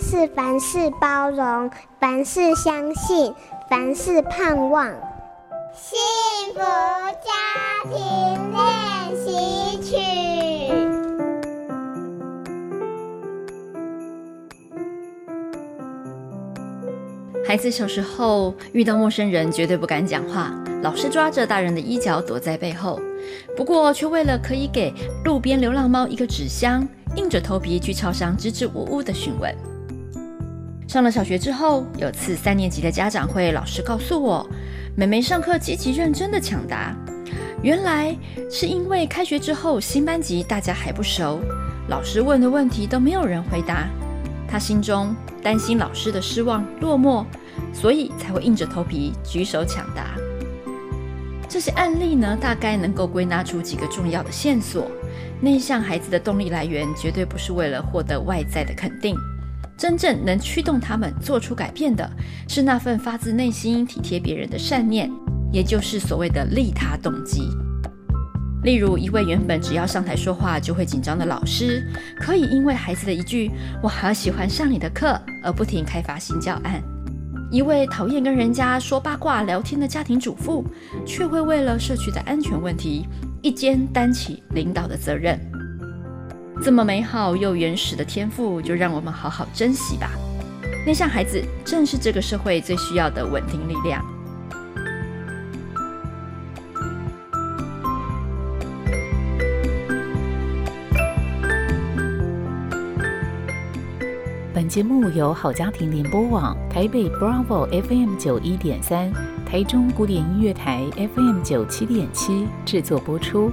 是凡事包容，凡事相信，凡事盼望。幸福家庭練習曲。孩子小時候遇到陌生人，絕對不敢講話，老是抓着大人的衣角躲在背後。不過，卻為了可以給路邊流浪貓一個紙箱，硬着頭皮去超商支支吾吾的詢問。上了小學之後，有次三年級的家長會，老師告訴我，妹妹上課積極認真的搶答，原來是因為開學之後新班級大家還不熟，老師問的問題都沒有人回答，她心中擔心老師的失望落寞，所以才會硬着頭皮舉手搶答。這些案例呢，大概能夠歸納出幾個重要的線索：內向孩子的動力來源絕對不是為了獲得外在的肯定。真正能驅動他們做出改變的，是那份發自內心體貼別人的善念，也就是所謂的利他動機。例如，一位原本只要上台說話就會緊張的老師，可以因為孩子的一句“我好喜歡上你的課”，而不停開發新教案；一位討厭跟人家說八卦聊天的家庭主婦，卻會為了社區的安全問題，一肩擔起領導的責任。這麼美好又原始的天賦，就讓我們好好珍惜吧。內向孩子，正是這個社會最需要的穩定力量。本節目由好家庭聯播網、台北 Bravo FM 九一點三、台中古典音樂台 FM 九七點七制作播出。